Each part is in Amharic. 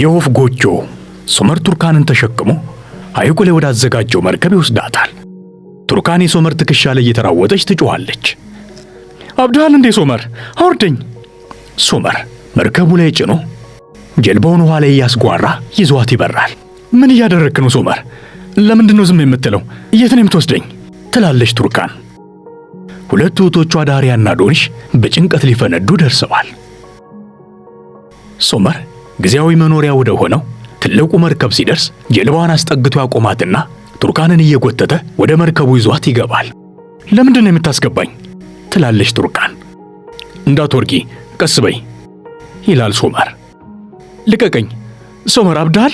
የወፍ ጎጆ ሶመር ቱርካንን ተሸክሞ ሐይቁ ላይ ወዳዘጋጀው መርከብ ይወስዳታል። ቱርካን የሶመር ትከሻ ላይ እየተራወጠች ትጮኻለች። አብድሃል እንዴ ሶመር አውርደኝ! ሶመር መርከቡ ላይ ጭኖ ጀልባውን ውኃ ላይ እያስጓራ ይዟት ይበራል። ምን እያደረግክ ነው ሶመር? ለምንድን ነው ዝም የምትለው? የት ነው የምትወስደኝ? ትላለች ቱርካን። ሁለቱ እህቶቿ ዳሪያና ዶንሽ በጭንቀት ሊፈነዱ ደርሰዋል። ሶመር ጊዜያዊ መኖሪያ ወደ ሆነው ትልቁ መርከብ ሲደርስ ጀልባዋን አስጠግቶ ያቆማትና ቱርካንን እየጎተተ ወደ መርከቡ ይዟት ይገባል። ለምንድን ነው የምታስገባኝ? ትላለች ቱርካን። እንዳትወርጊ ቀስ በይ ይላል ሶመር። ልቀቀኝ ሶመር። አብዳል?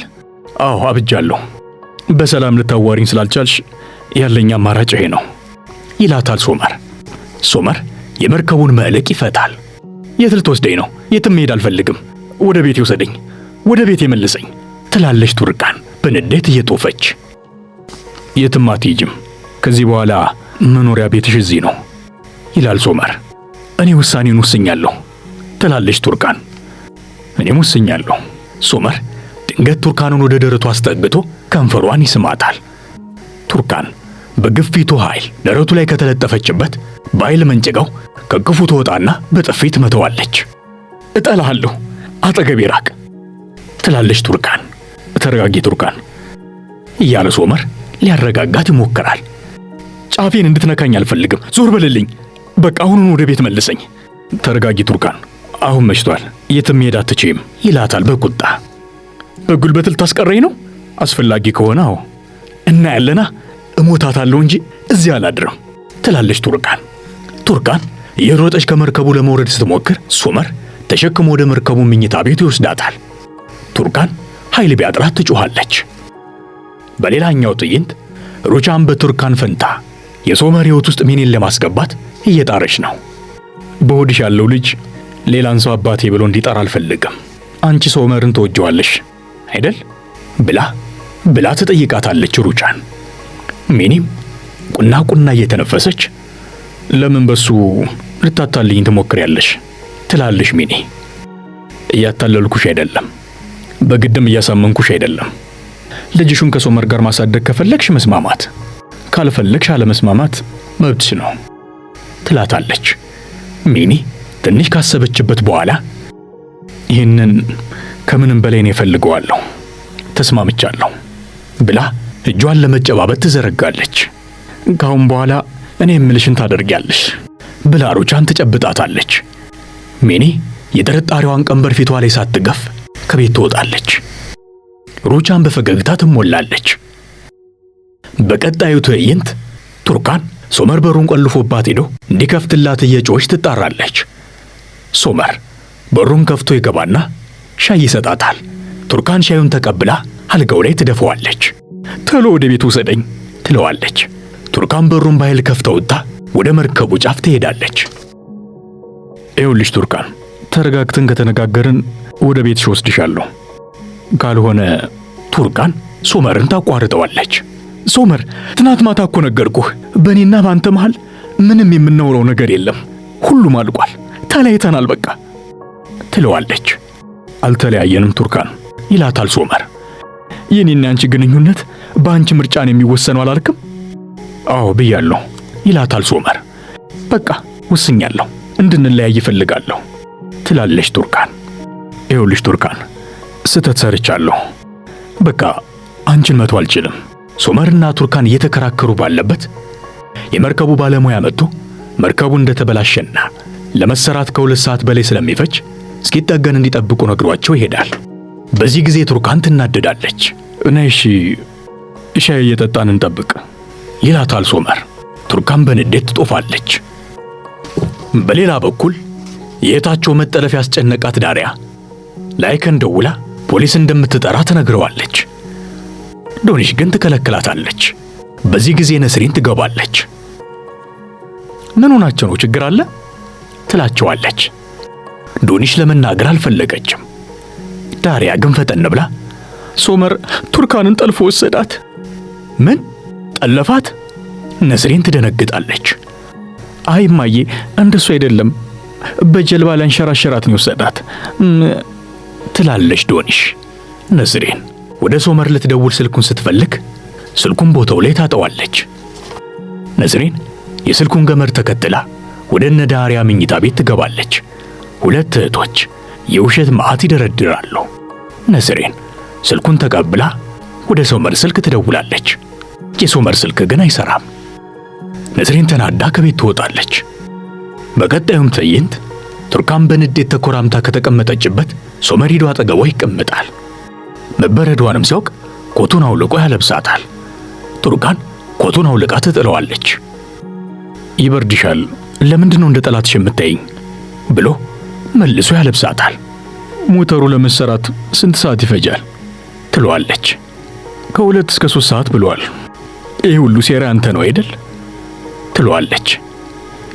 አዎ አብጃለሁ። በሰላም ልታዋሪኝ ስላልቻልሽ ያለኝ አማራጭ ይሄ ነው ይላታል ሶመር። ሶመር የመርከቡን ማዕለቅ ይፈታል። የት ልትወስደኝ ነው? የትም መሄድ አልፈልግም ወደ ቤት የውሰደኝ፣ ወደ ቤት የመልሰኝ ትላለች ቱርካን በንዴት እየጦፈች። የትም አትሄጂም፣ ከዚህ በኋላ መኖሪያ ቤትሽ እዚህ ነው ይላል ሶመር። እኔ ውሳኔን ወስኛለሁ ትላለች ቱርካን። እኔም ወስኛለሁ። ሶመር ድንገት ቱርካንን ወደ ደረቱ አስጠግቶ ከንፈሯን ይስማታል። ቱርካን በግፊቱ ኃይል ደረቱ ላይ ከተለጠፈችበት በኃይል መንጭቀው ከግፉ ትወጣና በጥፊት መተዋለች። እጠላሃለሁ አጠገቤ ራቅ ትላለች ቱርካን። ተረጋጊ ቱርካን እያለ ሶመር ሊያረጋጋት ይሞክራል። ጫፌን እንድትነካኝ አልፈልግም። ዞር በልልኝ። በቃ አሁኑን ወደ ቤት መልሰኝ። ተረጋጊ ቱርካን፣ አሁን መሽቷል። የትም ሄድ አትችይም ይላታል በቁጣ። በጉልበት ልታስቀረኝ ነው? አስፈላጊ ከሆነ አዎ። እና ያለና እሞታታለሁ እንጂ እዚህ አላድርም ትላለች ቱርካን። ቱርካን የሮጠች ከመርከቡ ለመውረድ ስትሞክር ሶመር ተሸክሞ ወደ መርከቡ ምኝታ ቤት ይወስዳታል። ቱርካን ኃይል ቢያጥራት ትጮሃለች። በሌላኛው ትዕይንት ሩቻን በቱርካን ፈንታ የሶመር ሕይወት ውስጥ ሚኒን ለማስገባት እየጣረች ነው። በሆድሽ ያለው ልጅ ሌላን ሰው አባቴ ብሎ እንዲጠራ አልፈልግም። አንቺ ሶመርን ተወጀዋለሽ አይደል ብላ ብላ ትጠይቃታለች ሩቻን። ሚኒም ቁና ቁና እየተነፈሰች ለምን በሱ ልታታልኝ ትሞክሪያለሽ? ትላለሽ ሚኒ። እያታለልኩሽ አይደለም፣ በግድም እያሳመንኩሽ አይደለም። ልጅሹን ከሶመር ጋር ማሳደግ ከፈለግሽ መስማማት፣ ካልፈለግሽ አለመስማማት መብትሽ ነው ትላታለች ሚኒ። ትንሽ ካሰበችበት በኋላ ይህንን ከምንም በላይ ነው እፈልገዋለሁ፣ ተስማምቻለሁ ብላ እጇን ለመጨባበት ትዘረጋለች። ከአሁን በኋላ እኔ የምልሽን ታደርጊያለሽ ብላ ሩጫን ትጨብጣታለች። ሚኒ የጥርጣሬዋን ቀንበር ፊቷ ላይ ሳትገፍ ከቤት ትወጣለች። ሩቻን በፈገግታ ትሞላለች። በቀጣዩ ትዕይንት ቱርካን ሶመር በሩን ቆልፎባት ሄዶ እንዲከፍትላት እየጮኸች ትጣራለች። ሶመር በሩን ከፍቶ ይገባና ሻይ ይሰጣታል። ቱርካን ሻዩን ተቀብላ አልጋው ላይ ትደፈዋለች። ተሎ ወደ ቤት ውሰደኝ ትለዋለች። ቱርካን በሩን በኃይል ከፍተውታ ወደ መርከቡ ጫፍ ትሄዳለች። ይኸውልሽ ቱርካን፣ ተረጋግተን ከተነጋገርን ወደ ቤትሽ ወስድሻለሁ። ካልሆነ ቱርካን ሶመርን ታቋርጠዋለች። ሶመር፣ ትናንት ማታ እኮ ነገርኩህ። በእኔና በአንተ መሃል ምንም የምናውረው ነገር የለም፣ ሁሉም አልቋል፣ ተለያይተናል በቃ ትለዋለች። አልተለያየንም ቱርካን ይላታል ሶመር። የኔና አንቺ ግንኙነት በአንቺ ምርጫን የሚወሰነው አላልክም? አዎ ብያለሁ ይላታል ሶመር። በቃ ወስኛለሁ እንድንለያይ ይፈልጋለሁ ትላለች ቱርካን። ይኸውልሽ ቱርካን፣ ስህተት ሰርቻለሁ። በቃ አንቺን መቶ አልችልም። ሶመርና ቱርካን እየተከራከሩ ባለበት የመርከቡ ባለሙያ መጥቶ መርከቡ እንደተበላሸና ለመሰራት ከሁለት ሰዓት በላይ ስለሚፈጅ እስኪጠገን እንዲጠብቁ ነግሯቸው ይሄዳል። በዚህ ጊዜ ቱርካን ትናደዳለች። እና እሺ ሻይ እየጠጣን እንጠብቅ ይላታል ሶመር። ቱርካን በንዴት ትጦፋለች። በሌላ በኩል የእህታቸው መጠለፍ ያስጨነቃት ዳሪያ ላይከን ደውላ ፖሊስ እንደምትጠራ ትነግረዋለች። ዶኒሽ ግን ትከለክላታለች። በዚህ ጊዜ ነስሪን ትገባለች። ምን ሆናቸው ነው? ችግር አለ ትላቸዋለች። ዶኒሽ ለመናገር አልፈለገችም። ዳሪያ ግን ፈጠን ብላ ሶመር ቱርካንን ጠልፎ ወሰዳት። ምን ጠለፋት? ነስሪን ትደነግጣለች። አይ እማዬ እንደሱ አይደለም፣ በጀልባ ላንሸራሸራት ነው የወሰዳት ትላለች ዶኒሽ። ነዝሬን ወደ ሶመር ልትደውል ስልኩን ስትፈልግ ስልኩን ቦታው ላይ ታጠዋለች። ነዝሬን የስልኩን ገመድ ተከትላ ወደ እነ ዳሪያ መኝታ ቤት ትገባለች። ሁለት እህቶች የውሸት መዓት ይደረድራሉ። ነዝሬን ስልኩን ተቀብላ ወደ ሶመር ስልክ ትደውላለች። የሶመር ስልክ ግን አይሰራም። ንስሪን ተናዳ ከቤት ትወጣለች። በቀጣዩም ትዕይንት ቱርካን በንዴት ተኮራምታ ከተቀመጠችበት ሶመሪዶ አጠገቧ ይቀመጣል። መበረዷንም ሲያውቅ ኮቱን አውልቆ ያለብሳታል። ቱርካን ኮቱን አውልቃ ትጥለዋለች። ይበርድሻል፣ ለምንድን ነው እንደ ጠላትሽ የምታይኝ? ብሎ መልሶ ያለብሳታል። ሞተሩ ለመሰራት ስንት ሰዓት ይፈጃል? ትለዋለች። ከሁለት እስከ ሶስት ሰዓት ብሏል። ይህ ሁሉ ሴራ አንተ ነው አይደል? ትሏለች።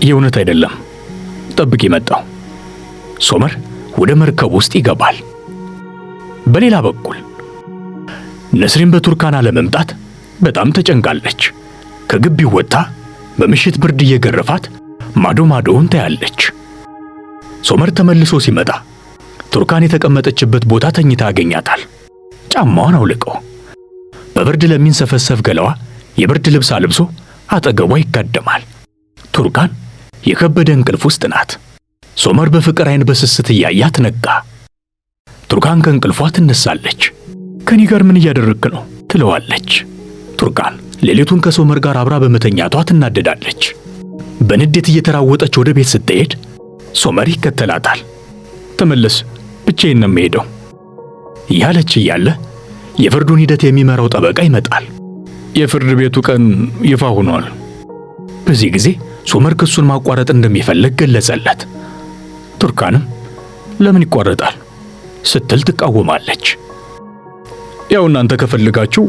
የእውነት አይደለም፣ ጠብቅ የመጣው ሶመር ወደ መርከብ ውስጥ ይገባል። በሌላ በኩል ነስሪን በቱርካና ለመምጣት በጣም ተጨንቃለች። ከግቢው ወጥታ በምሽት ብርድ እየገረፋት ማዶ ማዶውን ታያለች። ሶመር ተመልሶ ሲመጣ ቱርካን የተቀመጠችበት ቦታ ተኝታ ያገኛታል። ጫማዋን አውልቀው በብርድ ለሚንሰፈሰፍ ገለዋ የብርድ ልብስ አልብሶ አጠገቧ ይጋደማል። ቱርካን የከበደ እንቅልፍ ውስጥ ናት። ሶመር በፍቅር አይን በስስት እያያት ነቃ። ቱርካን ከእንቅልፏ ትነሳለች። ከኔ ጋር ምን እያደረግክ ነው ትለዋለች። ቱርካን ሌሊቱን ከሶመር ጋር አብራ በመተኛቷ ትናደዳለች። በንዴት እየተራወጠች ወደ ቤት ስትሄድ ሶመር ይከተላታል። ተመለስ፣ ብቻዬን ነው የምሄደው እያለች እያለ የፍርዱን ሂደት የሚመራው ጠበቃ ይመጣል። የፍርድ ቤቱ ቀን ይፋ ሆኗል። በዚህ ጊዜ ሶመር ክሱን ማቋረጥ እንደሚፈልግ ገለጸለት። ቱርካንም ለምን ይቋረጣል ስትል ትቃወማለች። ያው እናንተ ከፈልጋችሁ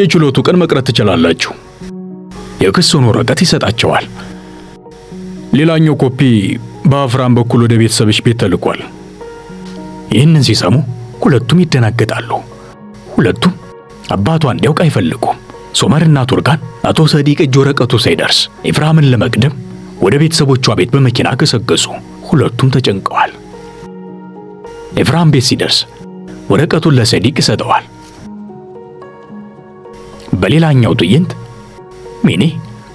የችሎቱ ቀን መቅረት ትችላላችሁ። የክሱን ወረቀት ይሰጣቸዋል። ሌላኛው ኮፒ በአፍራም በኩል ወደ ቤተሰብሽ ቤት ተልኳል። ይህንን ሲሰሙ ሁለቱም ይደናገጣሉ። ሁለቱም አባቷ እንዲያውቅ አይፈልጉም። ሶመርና ቱርካን አቶ ሰዲቅ እጅ ወረቀቱ ሳይደርስ ኢፍራምን ለመቅደም ወደ ቤተሰቦቿ ቤት በመኪና ገሰገሱ። ሁለቱም ተጨንቀዋል። ኢፍራም ቤት ሲደርስ ወረቀቱን ለሰዲቅ ይሰጠዋል። በሌላኛው ትዕይንት ሚኔ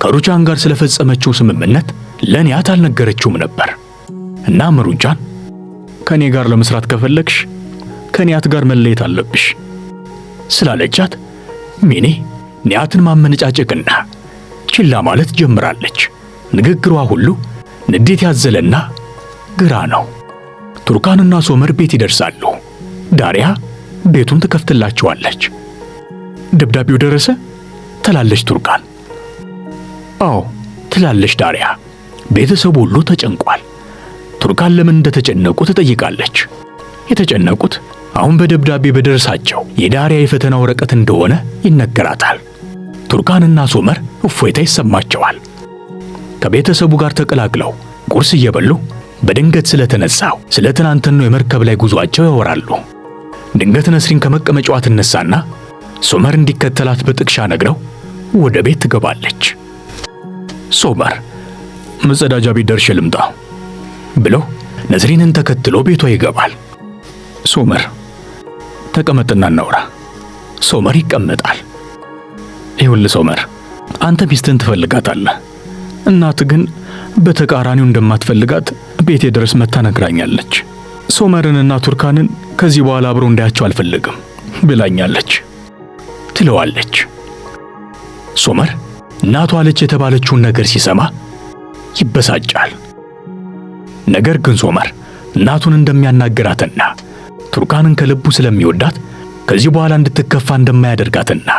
ከሩጫን ጋር ስለፈጸመችው ስምምነት ለኒያት አልነገረችውም ነበር። እናም ሩጃን ከኔ ጋር ለመስራት ከፈለግሽ ከኒያት ጋር መለየት አለብሽ ስላለቻት ሚኔ ኒያትን ማመነጫጨቅና ችላ ማለት ጀምራለች። ንግግሯ ሁሉ ንዴት ያዘለና ግራ ነው። ቱርካንና ሶመር ቤት ይደርሳሉ። ዳሪያ ቤቱን ትከፍትላቸዋለች። ደብዳቤው ደረሰ ትላለች ቱርካን። አዎ ትላለች ዳሪያ። ቤተሰቡ ሁሉ ተጨንቋል። ቱርካን ለምን እንደተጨነቁ ትጠይቃለች። የተጨነቁት አሁን በደብዳቤ በደረሳቸው የዳሪያ የፈተና ወረቀት እንደሆነ ይነገራታል። ቱርካንና ሶመር እፎይታ ይሰማቸዋል። ከቤተሰቡ ጋር ተቀላቅለው ቁርስ እየበሉ በድንገት ስለተነሳው ስለ ትናንትናው የመርከብ ላይ ጉዟቸው ያወራሉ። ድንገት ነስሪን ከመቀመጫዋ ትነሳና ሶመር እንዲከተላት በጥቅሻ ነግረው ወደ ቤት ትገባለች። ሶመር መጸዳጃ ቤት ደርሼ ልምጣ ብሎ ነስሪንን ተከትሎ ቤቷ ይገባል። ሶመር ተቀመጥና እናውራ። ሶመር ይቀመጣል። ይኸውልህ ሶመር፣ አንተ ሚስትህን ትፈልጋታለህ። እናት ግን በተቃራኒው እንደማትፈልጋት ቤቴ ድረስ መታ ነግራኛለች። ሶመርንና ቱርካንን ከዚህ በኋላ አብሮ እንዳያቸው አልፈልግም ብላኛለች ትለዋለች። ሶመር እናቷ አለች የተባለችውን ነገር ሲሰማ ይበሳጫል። ነገር ግን ሶመር እናቱን እንደሚያናግራትና ቱርካንን ከልቡ ስለሚወዳት ከዚህ በኋላ እንድትከፋ እንደማያደርጋትና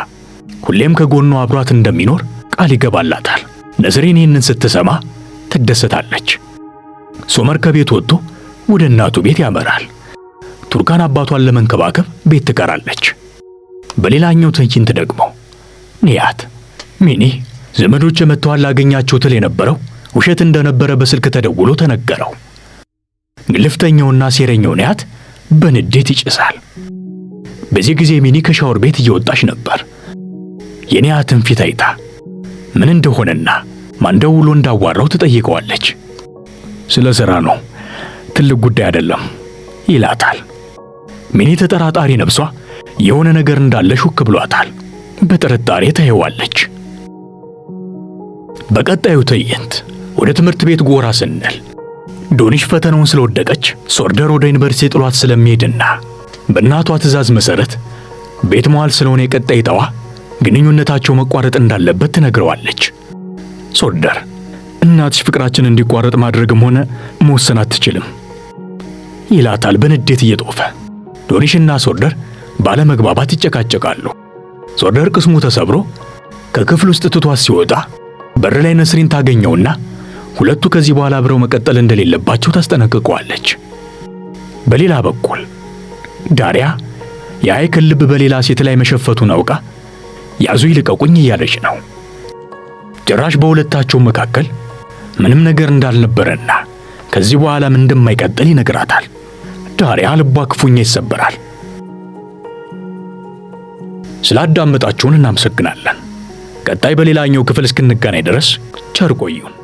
ሁሌም ከጎኗ አብሯት እንደሚኖር ቃል ይገባላታል። ነስሪን ይህንን ስትሰማ ትደሰታለች። ሶመር ከቤት ወጥቶ ወደ እናቱ ቤት ያመራል። ቱርካን አባቷን ለመንከባከብ ቤት ትቀራለች። በሌላኛው ትዕይንት ደግሞ ኒያት ሚኒ ዘመዶች መጥተዋል ላገኛቸው ትል የነበረው ውሸት እንደነበረ በስልክ ተደውሎ ተነገረው። ግልፍተኛውና ሴረኛው ኒያት በንዴት ይጭሳል። በዚህ ጊዜ ሚኒ ከሻወር ቤት እየወጣች ነበር። የንያትን ፊት አይታ ምን እንደሆነና ማን ደውሎ እንዳዋራው ትጠይቀዋለች። ስለ ሥራ ነው፣ ትልቅ ጉዳይ አይደለም ይላታል። ሚኔ ተጠራጣሪ ነብሷ የሆነ ነገር እንዳለ ሹክ ብሏታል። በጥርጣሬ ታየዋለች። በቀጣዩ ትዕይንት ወደ ትምህርት ቤት ጎራ ስንል ዶኒሽ ፈተናውን ስለወደቀች ሶርደር ወደ ዩኒቨርሲቲ ጥሏት ስለሚሄድና በእናቷ ትዕዛዝ መሰረት ቤት መዋል ስለሆነ የቀጣይ ጠዋ ግንኙነታቸው መቋረጥ እንዳለበት ትነግረዋለች። ሶልደር እናትሽ ፍቅራችን እንዲቋረጥ ማድረግም ሆነ መወሰን አትችልም ይላታል በንዴት እየጦፈ። ዶኒሽና ሶልደር ባለመግባባት ይጨቃጨቃሉ። ሶልደር ቅስሙ ተሰብሮ ከክፍል ውስጥ ትቷት ሲወጣ በር ላይ ነስሪን ታገኘውና ሁለቱ ከዚህ በኋላ አብረው መቀጠል እንደሌለባቸው ታስጠነቅቀዋለች። በሌላ በኩል ዳሪያ የአይክን ልብ በሌላ ሴት ላይ መሸፈቱን አውቃ ያዙ ይልቀቁኝ እያለች ነው። ጭራሽ በሁለታቸው መካከል ምንም ነገር እንዳልነበረና ከዚህ በኋላም እንደማይቀጥል ይነግራታል። ዳሪያ ልቧ ክፉኛ ይሰበራል። ስላዳመጣችሁን እናመሰግናለን። ቀጣይ በሌላኛው ክፍል እስክንገናኝ ድረስ ቸር ቆዩን።